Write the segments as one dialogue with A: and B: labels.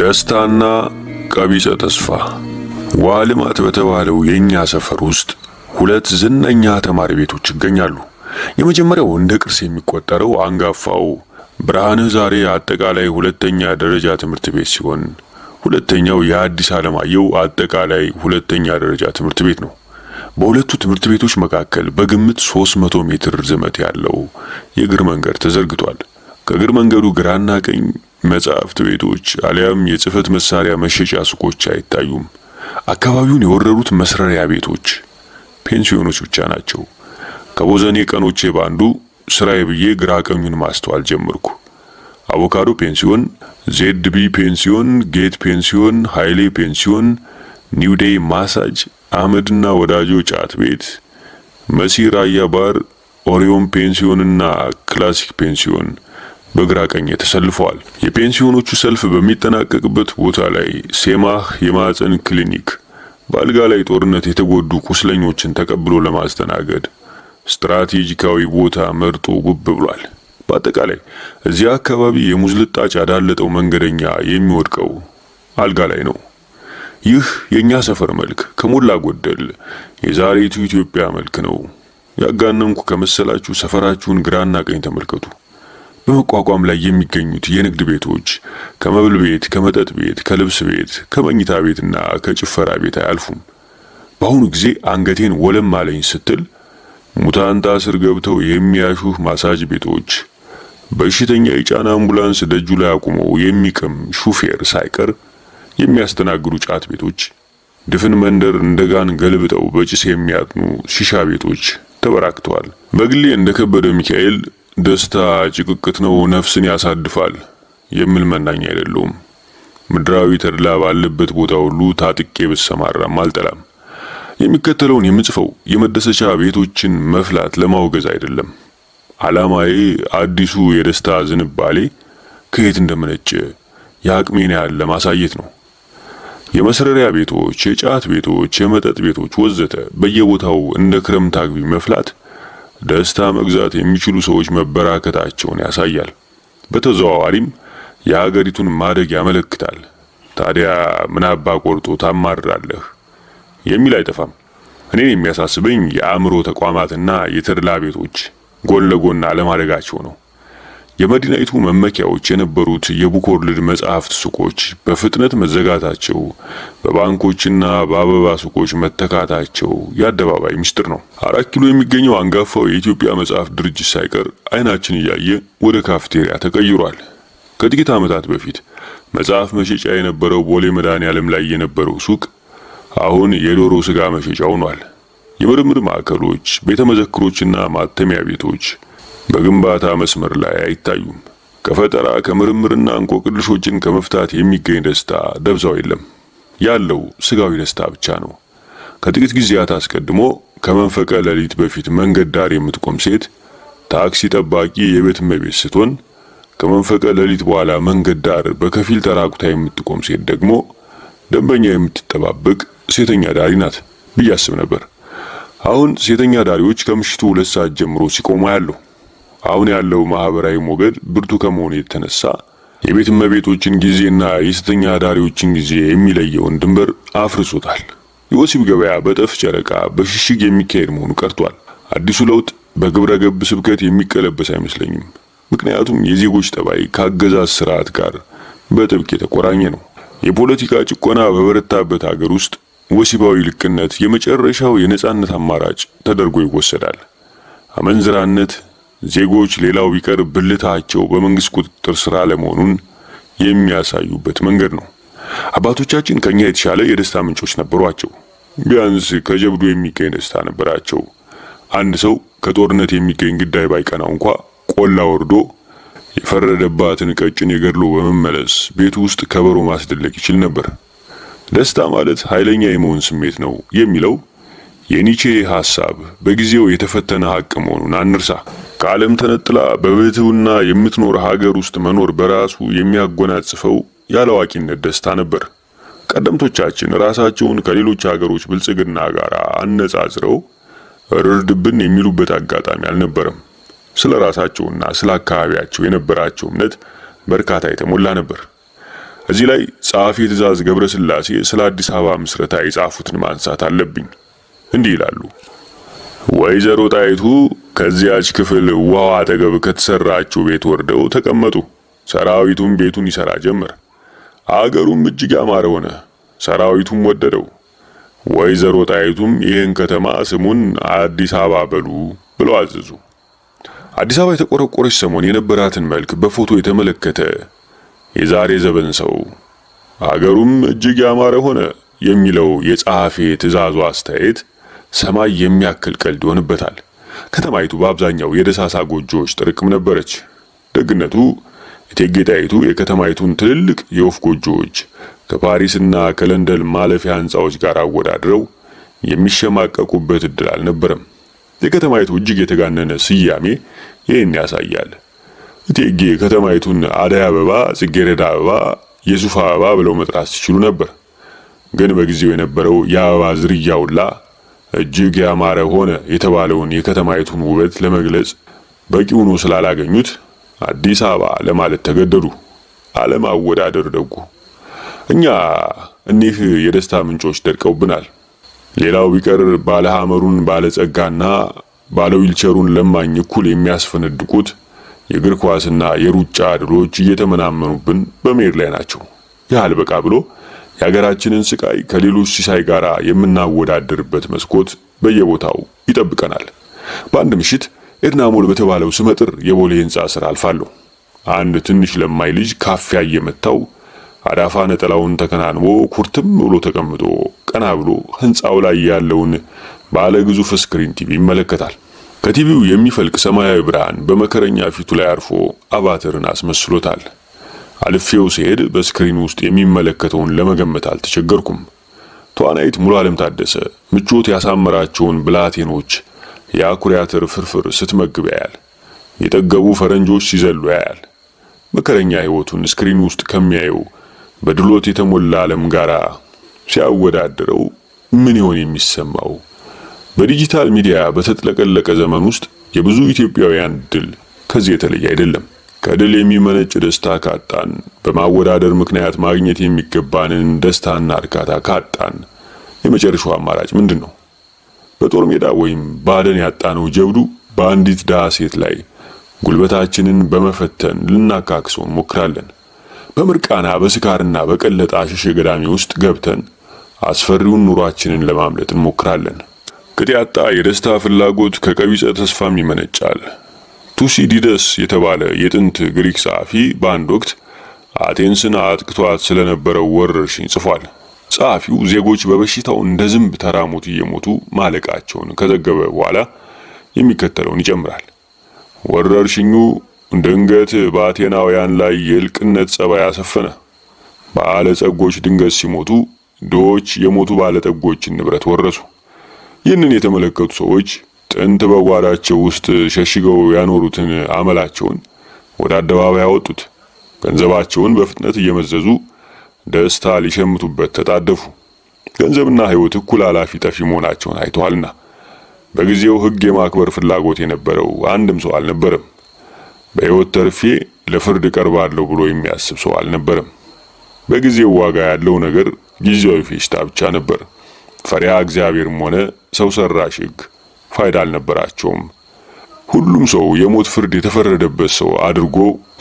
A: ደስታና ቀቢጸ ተስፋ ዋልማት ልማት በተባለው የኛ ሰፈር ውስጥ ሁለት ዝነኛ ተማሪ ቤቶች ይገኛሉ። የመጀመሪያው እንደ ቅርስ የሚቆጠረው አንጋፋው ብርሃነ ዛሬ አጠቃላይ ሁለተኛ ደረጃ ትምህርት ቤት ሲሆን ሁለተኛው የአዲስ አለማየሁ አጠቃላይ ሁለተኛ ደረጃ ትምህርት ቤት ነው። በሁለቱ ትምህርት ቤቶች መካከል በግምት 300 ሜትር ርዝመት ያለው የእግር መንገድ ተዘርግቷል። ከእግር መንገዱ ግራና ቀኝ መጻሕፍት ቤቶች አሊያም የጽህፈት መሳሪያ መሸጫ ሱቆች አይታዩም። አካባቢውን የወረሩት መስረሪያ ቤቶች፣ ፔንሲዮኖች ብቻ ናቸው። ከቦዘኔ ቀኖቼ የባንዱ ስራዬ ብዬ ግራ ቀኙን ማስተዋል ጀመርኩ። አቮካዶ ፔንሲዮን፣ ዜድ ቢ ፔንሲዮን፣ ጌት ፔንሲዮን፣ ኃይሌ ፔንሲዮን፣ ኒው ዴይ ማሳጅ፣ አህመድና ወዳጆ ጫት ቤት፣ መሲ ራያ ባር፣ ኦሪዮን ፔንሲዮንና ክላሲክ ፔንሲዮን በግራ ቀኝ ተሰልፈዋል። የፔንሲዮኖቹ ሰልፍ በሚጠናቀቅበት ቦታ ላይ ሴማህ የማህፀን ክሊኒክ በአልጋ ላይ ጦርነት የተጎዱ ቁስለኞችን ተቀብሎ ለማስተናገድ ስትራቴጂካዊ ቦታ መርጦ ጉብ ብሏል። በአጠቃላይ እዚያ አካባቢ የሙዝ ልጣጭ ያዳለጠው መንገደኛ የሚወድቀው አልጋ ላይ ነው። ይህ የእኛ ሰፈር መልክ ከሞላ ጎደል የዛሬቱ ኢትዮጵያ መልክ ነው። ያጋነንኩ ከመሰላችሁ ሰፈራችሁን ግራና ቀኝ ተመልከቱ። በመቋቋም ላይ የሚገኙት የንግድ ቤቶች ከመብል ቤት፣ ከመጠጥ ቤት፣ ከልብስ ቤት፣ ከመኝታ ቤትና ከጭፈራ ቤት አያልፉም። በአሁኑ ጊዜ አንገቴን ወለም አለኝ ስትል ሙታንታ ስር ገብተው የሚያሹህ ማሳጅ ቤቶች፣ በሽተኛ የጫነ አምቡላንስ ደጁ ላይ አቁመው የሚቅም ሹፌር ሳይቀር የሚያስተናግዱ ጫት ቤቶች፣ ድፍን መንደር እንደጋን ገልብጠው በጭስ የሚያጥኑ ሺሻ ቤቶች ተበራክተዋል። በግሌ እንደ ከበደ ሚካኤል ደስታ ጭቅቅት ነው፣ ነፍስን ያሳድፋል የሚል መናኝ አይደለውም። ምድራዊ ተድላ ባለበት ቦታ ሁሉ ታጥቄ ብሰማራም አልጠላም። የሚከተለውን የምጽፈው የመደሰቻ ቤቶችን መፍላት ለማውገዝ አይደለም። ዓላማዬ አዲሱ የደስታ ዝንባሌ ከየት እንደመነጨ የአቅሜን ያህል ለማሳየት ነው። የመስረሪያ ቤቶች፣ የጫት ቤቶች፣ የመጠጥ ቤቶች ወዘተ በየቦታው እንደ ክረምት አግቢ መፍላት ደስታ መግዛት የሚችሉ ሰዎች መበራከታቸውን ያሳያል። በተዘዋዋሪም የሀገሪቱን ማደግ ያመለክታል። ታዲያ ምን አባ ቆርጦ ታማራለህ የሚል አይጠፋም። እኔን የሚያሳስበኝ የአእምሮ ተቋማትና የተድላ ቤቶች ጎን ለጎን አለማደጋቸው ነው። የመዲናይቱ መመኪያዎች የነበሩት የቡኮርልድ መጽሐፍት ሱቆች በፍጥነት መዘጋታቸው በባንኮችና በአበባ ሱቆች መተካታቸው የአደባባይ ምስጢር ነው። አራት ኪሎ የሚገኘው አንጋፋው የኢትዮጵያ መጽሐፍ ድርጅት ሳይቀር አይናችን እያየ ወደ ካፍቴሪያ ተቀይሯል። ከጥቂት ዓመታት በፊት መጽሐፍ መሸጫ የነበረው ቦሌ ዓለም ላይ የነበረው ሱቅ አሁን የዶሮ ስጋ መሸጫ ሆኗል። የምርምር ማዕከሎች፣ ቤተ መዘክሮችና ማተሚያ ቤቶች በግንባታ መስመር ላይ አይታዩም። ከፈጠራ ከምርምርና እንቆቅልሾችን ከመፍታት የሚገኝ ደስታ ደብዛው የለም። ያለው ስጋዊ ደስታ ብቻ ነው። ከጥቂት ጊዜያት አስቀድሞ ከመንፈቀ ሌሊት በፊት መንገድ ዳር የምትቆም ሴት ታክሲ ጠባቂ የቤት እመቤት ስትሆን ከመንፈቀ ሌሊት በኋላ መንገድ ዳር በከፊል ተራቁታ የምትቆም ሴት ደግሞ ደንበኛ የምትጠባበቅ ሴተኛ ዳሪ ናት ብዬ አስብ ነበር። አሁን ሴተኛ ዳሪዎች ከምሽቱ ሁለት ሰዓት ጀምሮ ሲቆሙ ያለሁ። አሁን ያለው ማህበራዊ ሞገድ ብርቱ ከመሆኑ የተነሳ የቤት እመቤቶችን ጊዜና የሴተኛ አዳሪዎችን ጊዜ የሚለየውን ድንበር አፍርሶታል። የወሲብ ገበያ በጠፍ ጨረቃ፣ በሽሽግ የሚካሄድ መሆኑ ቀርቷል። አዲሱ ለውጥ በግብረ ገብ ስብከት የሚቀለበስ አይመስለኝም። ምክንያቱም የዜጎች ጠባይ ከአገዛዝ ስርዓት ጋር በጥብቅ የተቆራኘ ነው። የፖለቲካ ጭቆና በበረታበት ሀገር ውስጥ ወሲባዊ ልቅነት የመጨረሻው የነጻነት አማራጭ ተደርጎ ይወሰዳል። አመንዝራነት ዜጎች ሌላው ቢቀር ብልታቸው በመንግስት ቁጥጥር ስር አለመሆኑን የሚያሳዩበት መንገድ ነው። አባቶቻችን ከኛ የተሻለ የደስታ ምንጮች ነበሯቸው። ቢያንስ ከጀብዱ የሚገኝ ደስታ ነበራቸው። አንድ ሰው ከጦርነት የሚገኝ ግዳይ ባይቀናው እንኳ ቆላ ወርዶ የፈረደባትን ቀጭን የገድሎ በመመለስ ቤቱ ውስጥ ከበሮ ማስደለቅ ይችል ነበር። ደስታ ማለት ኃይለኛ የመሆን ስሜት ነው የሚለው የኒቼ ሐሳብ በጊዜው የተፈተነ ሀቅ መሆኑን አንርሳ። ከዓለም ተነጥላ በብሕትውና የምትኖር ሀገር ውስጥ መኖር በራሱ የሚያጎናጽፈው ያለዋቂነት ደስታ ነበር። ቀደምቶቻችን ራሳቸውን ከሌሎች ሀገሮች ብልጽግና ጋር አነጻጽረው ርርድብን የሚሉበት አጋጣሚ አልነበረም። ስለ ራሳቸውና ስለ አካባቢያቸው የነበራቸው እምነት በርካታ የተሞላ ነበር። እዚህ ላይ ጸሐፊ ትእዛዝ ገብረስላሴ ስለ አዲስ አበባ ምስረታ የጻፉትን ማንሳት አለብኝ። እንዲህ ይላሉ። ወይዘሮ ጣይቱ ከዚያች ክፍል ውሃው አጠገብ ከተሰራችው ቤት ወርደው ተቀመጡ። ሰራዊቱም ቤቱን ይሰራ ጀመር። አገሩም እጅግ ያማረ ሆነ። ሰራዊቱም ወደደው። ወይዘሮ ጣይቱም ይህን ከተማ ስሙን አዲስ አበባ በሉ ብለው አዘዙ። አዲስ አበባ የተቆረቆረች ሰሞን የነበራትን መልክ በፎቶ የተመለከተ የዛሬ ዘበን ሰው አገሩም እጅግ ያማረ ሆነ የሚለው የጸሐፌ ትእዛዙ አስተያየት ሰማይ የሚያክል ቀልድ ይሆንበታል። ከተማይቱ በአብዛኛው የደሳሳ ጎጆዎች ጥርቅም ነበረች። ደግነቱ እቴጌ ጣይቱ የከተማይቱን ትልልቅ የወፍ ጎጆዎች ከፓሪስና ከለንደን ማለፊያ ህንፃዎች ጋር አወዳድረው የሚሸማቀቁበት እድል አልነበረም። የከተማይቱ እጅግ የተጋነነ ስያሜ ይህን ያሳያል። እቴጌ ከተማይቱን አደይ አበባ፣ ጽጌረዳ አበባ፣ የሱፍ አበባ ብለው መጥራት ሲችሉ ነበር። ግን በጊዜው የነበረው የአበባ ዝርያ እጅግ ያማረ ሆነ የተባለውን የከተማይቱን ውበት ለመግለጽ በቂ ሆኖ ስላላገኙት አዲስ አበባ ለማለት ተገደዱ። አለማወዳደር ደጉ። እኛ እኒህ የደስታ ምንጮች ደርቀውብናል። ሌላው ቢቀር ባለ ሐመሩን ባለዊልቸሩን ለማኝ እኩል የሚያስፈነድቁት የእግር ኳስና የሩጫ ድሎች እየተመናመኑብን በመሄድ ላይ ናቸው። ያህል በቃ ብሎ የሀገራችንን ስቃይ ከሌሎች ሲሳይ ጋር የምናወዳደርበት መስኮት በየቦታው ይጠብቀናል። በአንድ ምሽት ኤድናሞል በተባለው ስመጥር የቦሌ ህንፃ ስራ አልፋለሁ። አንድ ትንሽ ለማይ ልጅ ካፊያ እየመታው አዳፋ ነጠላውን ተከናንቦ ኩርትም ብሎ ተቀምጦ ቀና ብሎ ህንፃው ላይ ያለውን ባለ ግዙፍ ስክሪን ቲቪ ይመለከታል። ከቲቪው የሚፈልቅ ሰማያዊ ብርሃን በመከረኛ ፊቱ ላይ አርፎ አባተርን አስመስሎታል። አልፌው ሲሄድ በስክሪን ውስጥ የሚመለከተውን ለመገመት አልተቸገርኩም። ተዋናይት ሙሉ ዓለም ታደሰ ምቾት ያሳመራቸውን ብላቴኖች የአኩሪ አተር ፍርፍር ስትመግብ ያያል። የጠገቡ ፈረንጆች ሲዘሉ ያያል። መከረኛ ሕይወቱን ስክሪን ውስጥ ከሚያየው በድሎት የተሞላ ዓለም ጋር ሲያወዳድረው ምን ይሆን የሚሰማው? በዲጂታል ሚዲያ በተጥለቀለቀ ዘመን ውስጥ የብዙ ኢትዮጵያውያን ድል ከዚህ የተለየ አይደለም። ከድል የሚመነጭ ደስታ ካጣን፣ በማወዳደር ምክንያት ማግኘት የሚገባንን ደስታና እርካታ ካጣን፣ የመጨረሻው አማራጭ ምንድን ነው? በጦር ሜዳ ወይም ባደን ያጣነው ጀብዱ በአንዲት ድሃ ሴት ላይ ጉልበታችንን በመፈተን ልናካክሰው እንሞክራለን። በምርቃና በስካርና በቀለጣ ሽሽ ገዳሚ ውስጥ ገብተን አስፈሪውን ኑሯችንን ለማምለጥ እንሞክራለን። ቅጥ ያጣ የደስታ ፍላጎት ከቀቢጸ ተስፋም ይመነጫል። ቱሲዲደስ የተባለ የጥንት ግሪክ ጸሐፊ በአንድ ወቅት አቴንስን አጥቅቷት ስለነበረው ወረርሽኝ ጽፏል። ጸሐፊው ዜጎች በበሽታው እንደ ዝንብ ተራሙት እየሞቱ ማለቃቸውን ከዘገበ በኋላ የሚከተለውን ይጨምራል። ወረርሽኙ ድንገት በአቴናውያን ላይ የእልቅነት ጸባይ አሰፈነ። ባለጸጎች ድንገት ሲሞቱ፣ ድሆች የሞቱ ባለጠጎችን ንብረት ወረሱ። ይህንን የተመለከቱ ሰዎች ጥንት በጓዳቸው ውስጥ ሸሽገው ያኖሩትን አመላቸውን ወደ አደባባይ አወጡት። ገንዘባቸውን በፍጥነት እየመዘዙ ደስታ ሊሸምቱበት ተጣደፉ። ገንዘብና ሕይወት እኩል አላፊ ጠፊ መሆናቸውን አይተዋልና በጊዜው ሕግ የማክበር ፍላጎት የነበረው አንድም ሰው አልነበረም። በሕይወት ተርፌ ለፍርድ ቀርባለሁ ብሎ የሚያስብ ሰው አልነበረም። በጊዜው ዋጋ ያለው ነገር ጊዜያዊ ፌሽታ ብቻ ነበር። ፈሪሃ እግዚአብሔርም ሆነ ሰው ሰራሽ ሕግ ፋይዳ አልነበራቸውም። ሁሉም ሰው የሞት ፍርድ የተፈረደበት ሰው አድርጎ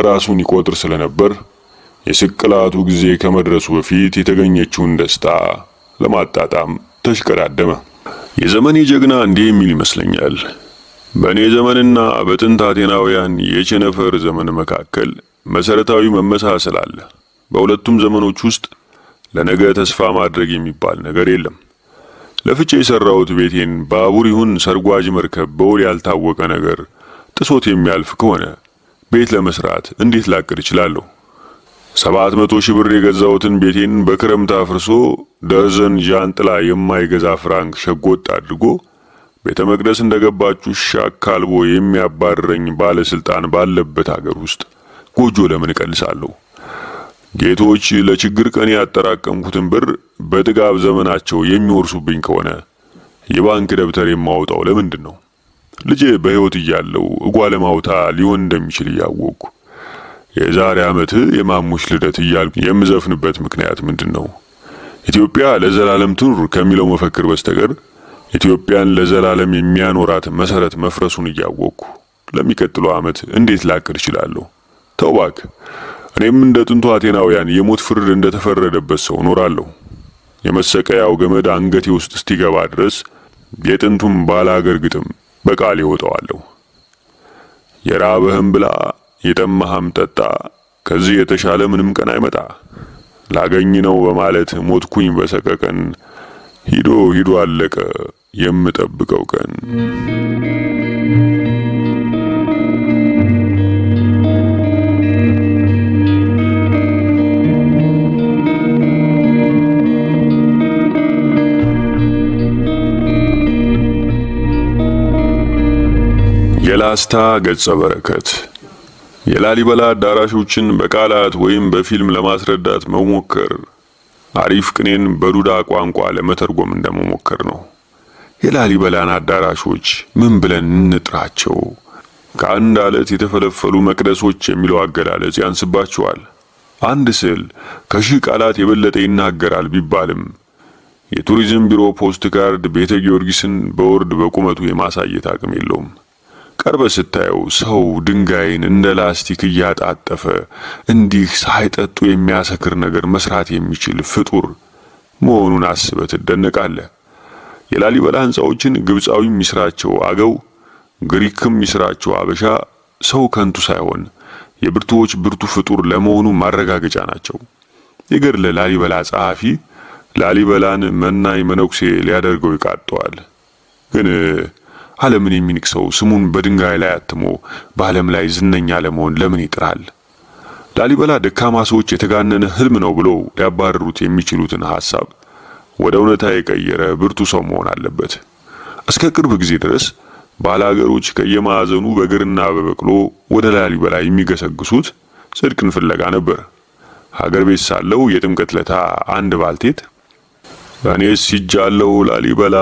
A: ራሱን ይቆጥር ስለነበር የስቅላቱ ጊዜ ከመድረሱ በፊት የተገኘችውን ደስታ ለማጣጣም ተሽቀዳደመ። የዘመኔ ጀግና እንዲህ የሚል ይመስለኛል። በእኔ ዘመንና በጥንት አቴናውያን የቸነፈር ዘመን መካከል መሰረታዊ መመሳሰል አለ። በሁለቱም ዘመኖች ውስጥ ለነገ ተስፋ ማድረግ የሚባል ነገር የለም። ለፍቼ የሰራሁት ቤቴን ባቡር ይሁን ሰርጓጅ መርከብ በውል ያልታወቀ ነገር ጥሶት የሚያልፍ ከሆነ ቤት ለመስራት እንዴት ላቅድ እችላለሁ? ሰባት መቶ ሺህ ብር የገዛሁትን ቤቴን በክረምት አፍርሶ ደርዘን ዣንጥላ የማይገዛ ፍራንክ ሸጎጥ አድርጎ ቤተ መቅደስ እንደገባችሁ ሻክ አልቦ የሚያባርረኝ ባለስልጣን ባለበት አገር ውስጥ ጎጆ ለምን እቀልሳለሁ? ጌቶች ለችግር ቀን ያጠራቀምኩትን ብር በጥጋብ ዘመናቸው የሚወርሱብኝ ከሆነ የባንክ ደብተር የማውጣው ለምንድን ነው? ልጄ በሕይወት እያለው እጓለማውታ ሊሆን እንደሚችል እያወቅኩ የዛሬ ዓመት የማሙሽ ልደት እያልኩ የምዘፍንበት ምክንያት ምንድን ነው? ኢትዮጵያ ለዘላለም ትኑር ከሚለው መፈክር በስተቀር ኢትዮጵያን ለዘላለም የሚያኖራት መሰረት መፍረሱን እያወቅኩ ለሚቀጥለው ዓመት እንዴት ላቅድ እችላለሁ? ተው እባክህ እኔም እንደ ጥንቱ አቴናውያን የሞት ፍርድ እንደተፈረደበት ሰው እኖራለሁ። የመሰቀያው ገመድ አንገቴ ውስጥ እስቲገባ ድረስ የጥንቱም ባላገር ግጥም በቃል ይወጣዋለሁ። የራበህም ብላ፣ የጠማህም ጠጣ፣ ከዚህ የተሻለ ምንም ቀን አይመጣ። ላገኝ ነው በማለት ሞትኩኝ በሰቀቀን። ሂዶ ሂዶ አለቀ የምጠብቀው ቀን። የላስታ ገጸ በረከት የላሊበላ አዳራሾችን በቃላት ወይም በፊልም ለማስረዳት መሞከር አሪፍ ቅኔን በዱዳ ቋንቋ ለመተርጎም እንደመሞከር ነው። የላሊበላን አዳራሾች ምን ብለን እንጥራቸው? ከአንድ አለት የተፈለፈሉ መቅደሶች የሚለው አገላለጽ ያንስባቸዋል። አንድ ስዕል ከሺህ ቃላት የበለጠ ይናገራል ቢባልም የቱሪዝም ቢሮ ፖስት ካርድ ቤተ ጊዮርጊስን በወርድ በቁመቱ የማሳየት አቅም የለውም። ቀርበ ስታየው ሰው ድንጋይን እንደ ላስቲክ እያጣጠፈ እንዲህ ሳይጠጡ የሚያሰክር ነገር መስራት የሚችል ፍጡር መሆኑን አስበ ትደነቃለህ። የላሊበላ ህንፃዎችን ግብጻዊ ሚስራቸው አገው፣ ግሪክም ሚስራቸው አበሻ ሰው ከንቱ ሳይሆን የብርቱዎች ብርቱ ፍጡር ለመሆኑ ማረጋገጫ ናቸው። የገድለ ላሊበላ ጸሐፊ ላሊበላን መናኝ መነኩሴ ሊያደርገው ይቃጠዋል ግን ዓለምን የሚንቅ ሰው ስሙን በድንጋይ ላይ አትሞ በዓለም ላይ ዝነኛ ለመሆን ለምን ይጥራል? ላሊበላ ደካማ ሰዎች የተጋነነ ህልም ነው ብሎ ሊያባረሩት የሚችሉትን ሐሳብ ወደ እውነታ የቀየረ ብርቱ ሰው መሆን አለበት። እስከ ቅርብ ጊዜ ድረስ ባላገሮች ከየማዕዘኑ በእግርና በበቅሎ ወደ ላሊበላ የሚገሰግሱት ጽድቅን ፍለጋ ነበር። ሀገር ቤት ሳለው የጥምቀት ለታ አንድ ባልቴት እኔስ ሂጃለሁ ላሊበላ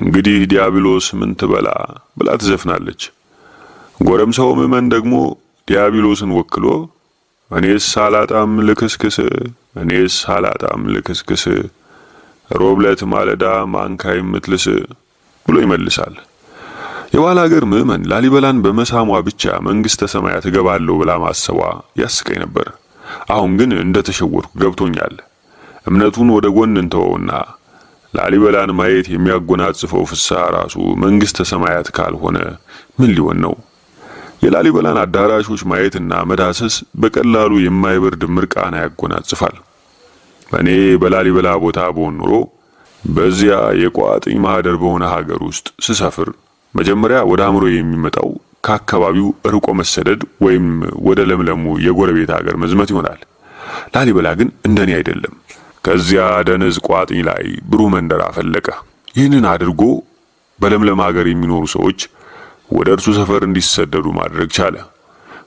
A: እንግዲህ ዲያብሎስ ምን ትበላ ብላ ትዘፍናለች። ጎረምሳው ምዕመን ደግሞ ዲያብሎስን ወክሎ እኔስ ሳላጣም ልክስክስ፣ እኔስ ሳላጣም ልክስክስ፣ ሮብለት ማለዳ ማንካ የምትልስ ብሎ ይመልሳል። የባህል ሀገር ምዕመን ላሊበላን በመሳሟ ብቻ መንግስተ ሰማያት እገባለሁ ብላ ማሰቧ ያስቀኝ ነበር። አሁን ግን እንደተሸወርኩ ገብቶኛል። እምነቱን ወደ ጎን እንተወውና ላሊበላን ማየት የሚያጎናጽፈው ፍስሐ ራሱ መንግስተ ሰማያት ካልሆነ ምን ሊሆን ነው? የላሊበላን አዳራሾች ማየትና መዳሰስ በቀላሉ የማይበርድ ምርቃና ያጎናጽፋል። እኔ በላሊበላ ቦታ ብሆን ኑሮ በዚያ የቋጥኝ ማህደር በሆነ ሀገር ውስጥ ስሰፍር መጀመሪያ ወደ አእምሮ የሚመጣው ከአካባቢው ርቆ መሰደድ ወይም ወደ ለምለሙ የጎረቤት ሀገር መዝመት ይሆናል። ላሊበላ ግን እንደኔ አይደለም። ከዚያ ደንዝ ቋጥኝ ላይ ብሩህ መንደር አፈለቀ። ይህንን አድርጎ በለምለም ሀገር የሚኖሩ ሰዎች ወደ እርሱ ሰፈር እንዲሰደዱ ማድረግ ቻለ።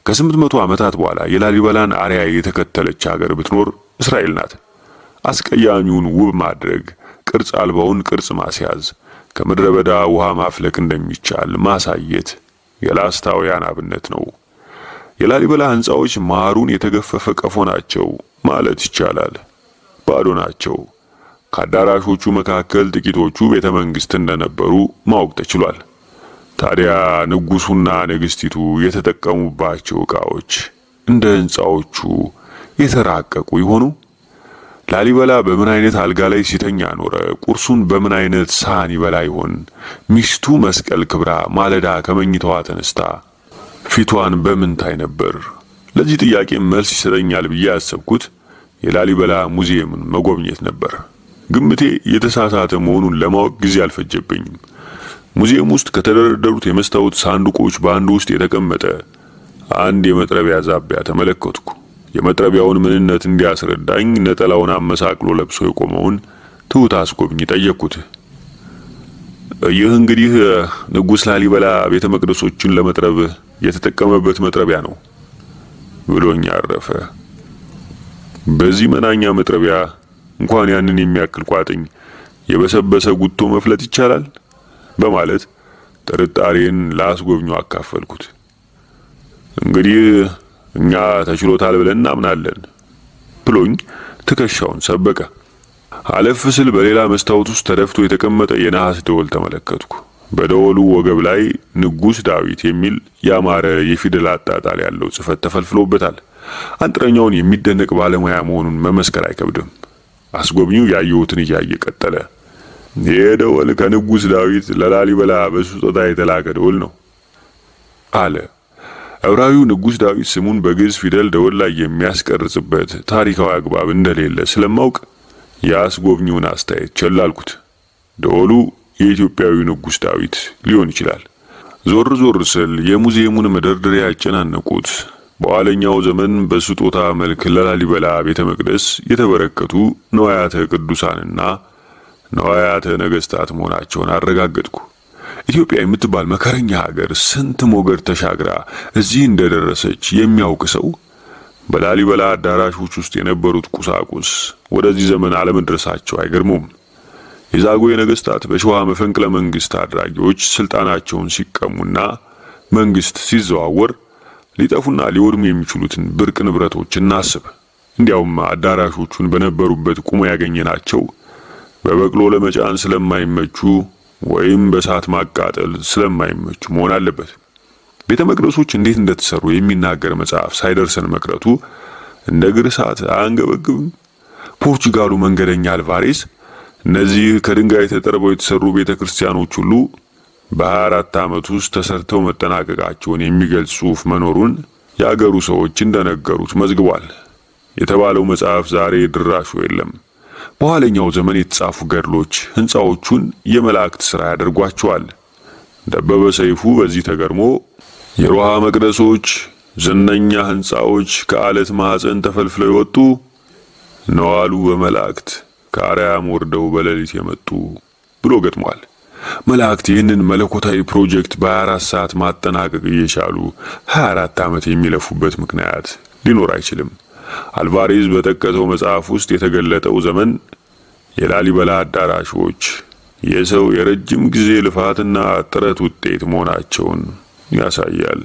A: ከስምንት መቶ ዓመታት በኋላ የላሊበላን አርያ የተከተለች ሀገር ብትኖር እስራኤል ናት። አስቀያሚውን ውብ ማድረግ፣ ቅርጽ አልባውን ቅርጽ ማስያዝ፣ ከምድረ በዳ ውሃ ማፍለቅ እንደሚቻል ማሳየት የላስታውያን አብነት ነው። የላሊበላ ሕንፃዎች ማሩን የተገፈፈ ቀፎ ናቸው ማለት ይቻላል። ባዶ ናቸው። ከአዳራሾቹ መካከል ጥቂቶቹ ቤተ መንግስት እንደነበሩ ማወቅ ተችሏል። ታዲያ ንጉሱና ንግስቲቱ የተጠቀሙባቸው ዕቃዎች እንደ ሕንፃዎቹ የተራቀቁ ይሆኑ? ላሊበላ በምን አይነት አልጋ ላይ ሲተኛ ኖረ? ቁርሱን በምን አይነት ሳህን ይበላ ይሆን? ሚስቱ መስቀል ክብራ ማለዳ ከመኝታዋ ተነስታ ፊቷን በምን ታይ ነበር? ለዚህ ጥያቄ መልስ ይሰጠኛል ብዬ ያሰብኩት የላሊበላ ሙዚየምን መጎብኘት ነበር። ግምቴ የተሳሳተ መሆኑን ለማወቅ ጊዜ አልፈጀብኝም። ሙዚየም ውስጥ ከተደረደሩት የመስታወት ሳንዱቆች በአንዱ ውስጥ የተቀመጠ አንድ የመጥረቢያ ዛቢያ ተመለከትኩ። የመጥረቢያውን ምንነት እንዲያስረዳኝ ነጠላውን አመሳቅሎ ለብሶ የቆመውን ትሁት አስጎብኝ ጠየቅኩት። ይህ እንግዲህ ንጉሥ ላሊበላ ቤተ መቅደሶችን ለመጥረብ የተጠቀመበት መጥረቢያ ነው ብሎኝ አረፈ። በዚህ መናኛ መጥረቢያ እንኳን ያንን የሚያክል ቋጥኝ የበሰበሰ ጉቶ መፍለጥ ይቻላል በማለት ጥርጣሬን ለአስጎብኙ አካፈልኩት። እንግዲህ እኛ ተችሎታል ብለን እናምናለን ብሎኝ ትከሻውን ሰበቀ። አለፍ ስል በሌላ መስታወት ውስጥ ተደፍቶ የተቀመጠ የነሐስ ደወል ተመለከትኩ። በደወሉ ወገብ ላይ ንጉሥ ዳዊት የሚል ያማረ የፊደል አጣጣል ያለው ጽሕፈት ተፈልፍሎበታል። አንጥረኛውን የሚደነቅ ባለሙያ መሆኑን መመስከር አይከብድም። አስጎብኚው ያየሁትን እያየ ቀጠለ። ይህ ደወል ከንጉሥ ዳዊት ለላሊበላ በስጦታ የተላከ ደወል ነው አለ። ዕብራዊው ንጉሥ ዳዊት ስሙን በግዕዝ ፊደል ደወል ላይ የሚያስቀርጽበት ታሪካዊ አግባብ እንደሌለ ስለማውቅ የአስጎብኚውን አስተያየት ቸላልኩት። ደወሉ የኢትዮጵያዊ ንጉሥ ዳዊት ሊሆን ይችላል። ዞር ዞር ስል የሙዚየሙን መደርደሪያ ያጨናነቁት በኋለኛው ዘመን በስጦታ መልክ ለላሊበላ ቤተ መቅደስ የተበረከቱ ነዋያተ ቅዱሳንና ነዋያተ ነገስታት መሆናቸውን አረጋገጥኩ። ኢትዮጵያ የምትባል መከረኛ ሀገር ስንት ሞገድ ተሻግራ እዚህ እንደደረሰች የሚያውቅ ሰው በላሊበላ አዳራሾች ውስጥ የነበሩት ቁሳቁስ ወደዚህ ዘመን አለመድረሳቸው አይገርሙም። የዛጉዌ ነገስታት በሸዋ መፈንቅለ መንግስት አድራጊዎች ስልጣናቸውን ሲቀሙና መንግስት ሲዘዋወር ሊጠፉና ሊወድሙ የሚችሉትን ብርቅ ንብረቶች እናስብ። እንዲያውም አዳራሾቹን በነበሩበት ቁሞ ያገኘናቸው በበቅሎ ለመጫን ስለማይመቹ ወይም በእሳት ማቃጠል ስለማይመቹ መሆን አለበት። ቤተ መቅደሶች እንዴት እንደተሰሩ የሚናገር መጽሐፍ ሳይደርሰን መቅረቱ እንደ እግር እሳት አያንገበግብም። ፖርቹጋሉ መንገደኛ አልቫሬስ እነዚህ ከድንጋይ ተጠርበው የተሰሩ ቤተ ክርስቲያኖች ሁሉ በሀያ አራት ዓመት ውስጥ ተሰርተው መጠናቀቃቸውን የሚገልጽ ጽሑፍ መኖሩን የአገሩ ሰዎች እንደነገሩት መዝግቧል። የተባለው መጽሐፍ ዛሬ ድራሹ የለም። በኋለኛው ዘመን የተጻፉ ገድሎች ሕንፃዎቹን የመላእክት ሥራ ያደርጓቸዋል። ደበበ ሰይፉ በዚህ ተገርሞ የሮሃ መቅደሶች፣ ዝነኛ ሕንፃዎች ከአለት ማኅፀን ተፈልፍለው የወጡ አሉ በመላእክት ከአርያም ወርደው በሌሊት የመጡ ብሎ ገጥሟል። መላእክት ይህንን መለኮታዊ ፕሮጀክት በ24 ሰዓት ማጠናቀቅ እየቻሉ 24 ዓመት የሚለፉበት ምክንያት ሊኖር አይችልም። አልቫሬዝ በጠቀሰው መጽሐፍ ውስጥ የተገለጠው ዘመን የላሊበላ አዳራሾች የሰው የረጅም ጊዜ ልፋትና ጥረት ውጤት መሆናቸውን ያሳያል።